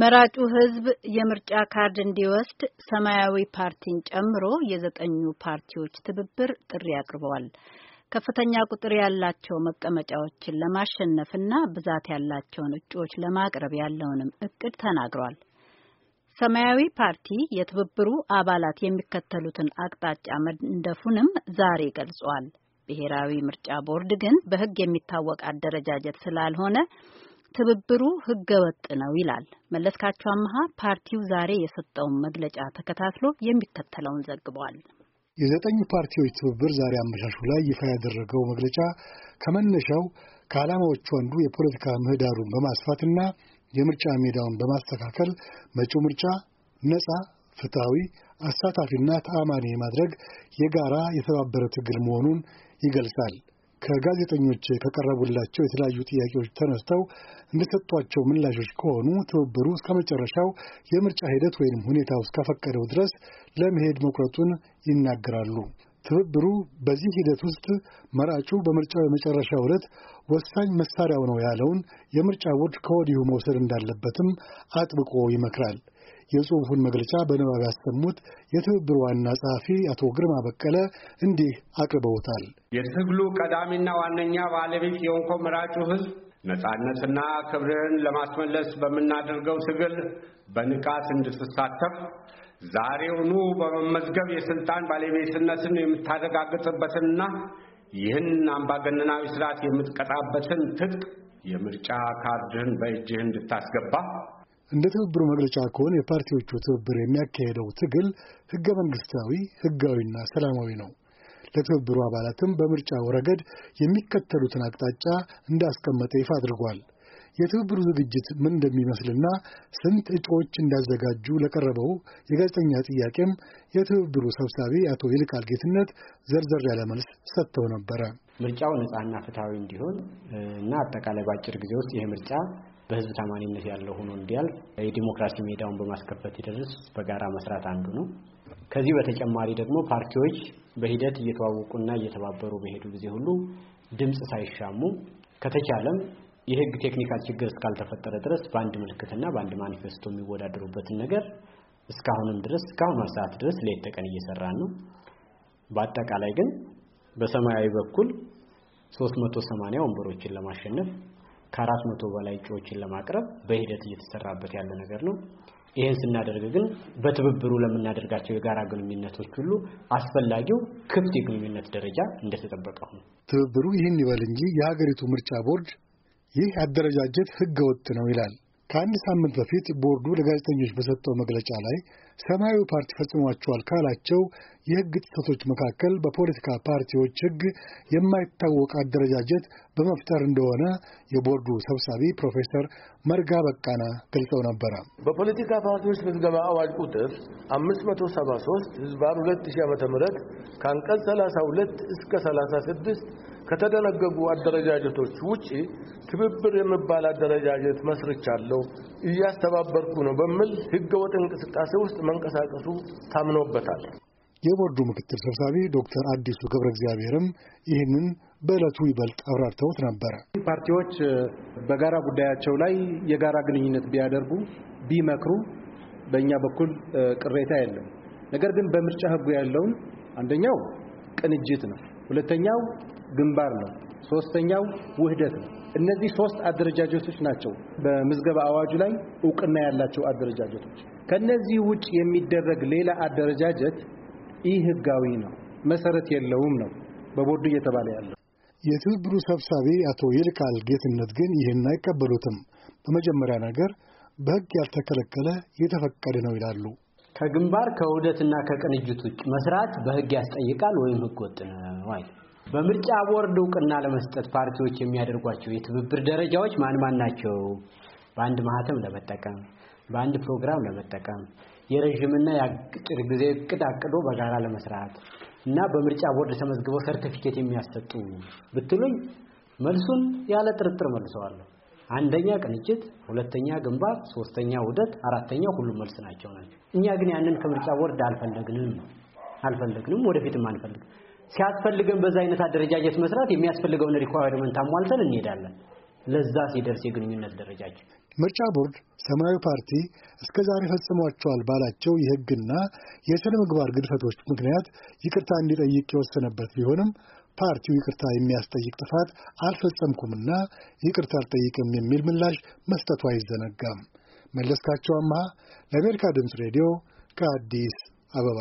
መራጩ ሕዝብ የምርጫ ካርድ እንዲወስድ ሰማያዊ ፓርቲን ጨምሮ የዘጠኙ ፓርቲዎች ትብብር ጥሪ አቅርበዋል። ከፍተኛ ቁጥር ያላቸው መቀመጫዎችን ለማሸነፍና ብዛት ያላቸውን እጩዎች ለማቅረብ ያለውንም እቅድ ተናግሯል። ሰማያዊ ፓርቲ የትብብሩ አባላት የሚከተሉትን አቅጣጫ መንደፉንም ዛሬ ገልጿል። ብሔራዊ ምርጫ ቦርድ ግን በሕግ የሚታወቅ አደረጃጀት ስላልሆነ ትብብሩ ሕገ ወጥ ነው ይላል። መለስካቸው አመሀ ፓርቲው ዛሬ የሰጠውን መግለጫ ተከታትሎ የሚከተለውን ዘግቧል። የዘጠኙ ፓርቲዎች ትብብር ዛሬ አመሻሹ ላይ ይፋ ያደረገው መግለጫ ከመነሻው ከዓላማዎቹ አንዱ የፖለቲካ ምህዳሩን በማስፋትና የምርጫ ሜዳውን በማስተካከል መጪው ምርጫ ነፃ፣ ፍትሐዊ፣ አሳታፊና ተአማኒ የማድረግ የጋራ የተባበረ ትግል መሆኑን ይገልጻል። ከጋዜጠኞች ከቀረቡላቸው የተለያዩ ጥያቄዎች ተነስተው እንደሰጧቸው ምላሾች ከሆኑ ትብብሩ እስከ መጨረሻው የምርጫ ሂደት ወይም ሁኔታው እስከፈቀደው ድረስ ለመሄድ መቁረጡን ይናገራሉ። ትብብሩ በዚህ ሂደት ውስጥ መራጩ በምርጫው የመጨረሻ ዕለት ወሳኝ መሳሪያው ነው ያለውን የምርጫ ቦርድ ከወዲሁ መውሰድ እንዳለበትም አጥብቆ ይመክራል። የጽሑፉን መግለጫ በንባብ ያሰሙት የትብብር ዋና ጸሐፊ አቶ ግርማ በቀለ እንዲህ አቅርበውታል። የትግሉ ቀዳሚና ዋነኛ ባለቤት የሆንኮ መራጩ ህዝብ ነጻነትና ክብርን ለማስመለስ በምናደርገው ትግል በንቃት እንድትሳተፍ ዛሬውኑ በመመዝገብ የስልጣን ባለቤትነትን የምታረጋግጥበትንና ይህን አምባገነናዊ ስርዓት የምትቀጣበትን ትጥቅ የምርጫ ካርድህን በእጅህ እንድታስገባ እንደ ትብብሩ መግለጫ ከሆነ የፓርቲዎቹ ትብብር የሚያካሄደው ትግል ህገ መንግስታዊ፣ ህጋዊና ሰላማዊ ነው። ለትብብሩ አባላትም በምርጫው ረገድ የሚከተሉትን አቅጣጫ እንዳስቀመጠ ይፋ አድርጓል። የትብብሩ ዝግጅት ምን እንደሚመስልና ስንት እጩዎች እንዳዘጋጁ ለቀረበው የጋዜጠኛ ጥያቄም የትብብሩ ሰብሳቢ አቶ ይልቃል ጌትነት ዘርዘር ያለ መልስ ሰጥተው ነበረ። ምርጫው ነፃና ፍትሐዊ እንዲሆን እና አጠቃላይ በአጭር ጊዜ ውስጥ ይህ ምርጫ በህዝብ ታማኒነት ያለው ሆኖ እንዲያልፍ የዲሞክራሲ ሜዳውን በማስከፈት ይደርስ በጋራ መስራት አንዱ ነው። ከዚህ በተጨማሪ ደግሞ ፓርቲዎች በሂደት እየተዋወቁና እየተባበሩ በሄዱ ጊዜ ሁሉ ድምፅ ሳይሻሙ ከተቻለም የህግ ቴክኒካል ችግር እስካልተፈጠረ ድረስ በአንድ ምልክትና በአንድ ማኒፌስቶ የሚወዳደሩበትን ነገር እስካሁንም ድረስ እስካሁን ሰዓት ድረስ ሌት ተቀን እየሰራን ነው። በአጠቃላይ ግን በሰማያዊ በኩል 380 ወንበሮችን ለማሸነፍ ከአራት መቶ በላይ እጩዎችን ለማቅረብ በሂደት እየተሰራበት ያለ ነገር ነው። ይህን ስናደርግ ግን በትብብሩ ለምናደርጋቸው የጋራ ግንኙነቶች ሁሉ አስፈላጊው ክፍት የግንኙነት ደረጃ እንደተጠበቀ ነው። ትብብሩ ይህን ይበል እንጂ የሀገሪቱ ምርጫ ቦርድ ይህ አደረጃጀት ሕገ ወጥ ነው ይላል። ከአንድ ሳምንት በፊት ቦርዱ ለጋዜጠኞች በሰጠው መግለጫ ላይ ሰማያዊ ፓርቲ ፈጽሟቸዋል ካላቸው የህግ ጥሰቶች መካከል በፖለቲካ ፓርቲዎች ህግ የማይታወቅ አደረጃጀት በመፍጠር እንደሆነ የቦርዱ ሰብሳቢ ፕሮፌሰር መርጋ በቃና ገልጸው ነበረ። በፖለቲካ ፓርቲዎች ምዝገባ አዋጅ ቁጥር 573 ህዝባር 2000 ዓ ም ከአንቀጽ 32 እስከ 36 ከተደነገጉ አደረጃጀቶች ውጪ ትብብር የሚባል አደረጃጀት መስርቻለሁ እያስተባበርኩ ነው በሚል ህገወጥ እንቅስቃሴ ውስጥ መንቀሳቀሱ ታምኖበታል። የቦርዱ ምክትል ሰብሳቢ ዶክተር አዲሱ ገብረ እግዚአብሔርም ይህንን በዕለቱ ይበልጥ አብራርተውት ነበረ። ፓርቲዎች በጋራ ጉዳያቸው ላይ የጋራ ግንኙነት ቢያደርጉ ቢመክሩ በእኛ በኩል ቅሬታ የለም። ነገር ግን በምርጫ ህጉ ያለውን አንደኛው ቅንጅት ነው፣ ሁለተኛው ግንባር ነው። ሶስተኛው ውህደት ነው። እነዚህ ሶስት አደረጃጀቶች ናቸው በምዝገባ አዋጁ ላይ እውቅና ያላቸው አደረጃጀቶች። ከነዚህ ውጭ የሚደረግ ሌላ አደረጃጀት ይህ ህጋዊ ነው፣ መሰረት የለውም ነው በቦርዱ እየተባለ ያለው። የትብብሩ ሰብሳቢ አቶ ይልቃል ጌትነት ግን ይህን አይቀበሉትም። በመጀመሪያ ነገር በህግ ያልተከለከለ የተፈቀደ ነው ይላሉ። ከግንባር ከውህደትና ከቅንጅት ውጭ መስራት በህግ ያስጠይቃል ወይም ህግ ወጥ ነው በምርጫ ቦርድ እውቅና ለመስጠት ፓርቲዎች የሚያደርጓቸው የትብብር ደረጃዎች ማን ማን ናቸው? በአንድ ማህተም ለመጠቀም በአንድ ፕሮግራም ለመጠቀም የረዥምና የአጭር ጊዜ እቅድ አቅዶ በጋራ ለመስራት እና በምርጫ ቦርድ ተመዝግበው ሰርቲፊኬት የሚያሰጡ ብትሉኝ መልሱን ያለ ጥርጥር መልሰዋለሁ። አንደኛ ቅንጅት፣ ሁለተኛ ግንባር፣ ሶስተኛ ውህደት፣ አራተኛ ሁሉም መልስ ናቸው ናቸው። እኛ ግን ያንን ከምርጫ ቦርድ አልፈለግንም አልፈለግንም፣ ወደፊትም አንፈልግም። ሲያስፈልገን በዛ አይነት አደረጃጀት መስራት የሚያስፈልገውን ሪኳየርመንት አሟልተን እንሄዳለን። ለዛ ሲደርስ የግንኙነት ደረጃችን ምርጫ ቦርድ ሰማያዊ ፓርቲ እስከ ዛሬ ፈጽሟቸዋል ባላቸው የሕግና የሥነ ምግባር ግድፈቶች ምክንያት ይቅርታ እንዲጠይቅ የወሰነበት ቢሆንም ፓርቲው ይቅርታ የሚያስጠይቅ ጥፋት አልፈጸምኩምና ይቅርታ አልጠይቅም የሚል ምላሽ መስጠቱ አይዘነጋም። መለስካቸው አምሃ ለአሜሪካ ድምፅ ሬዲዮ ከአዲስ አበባ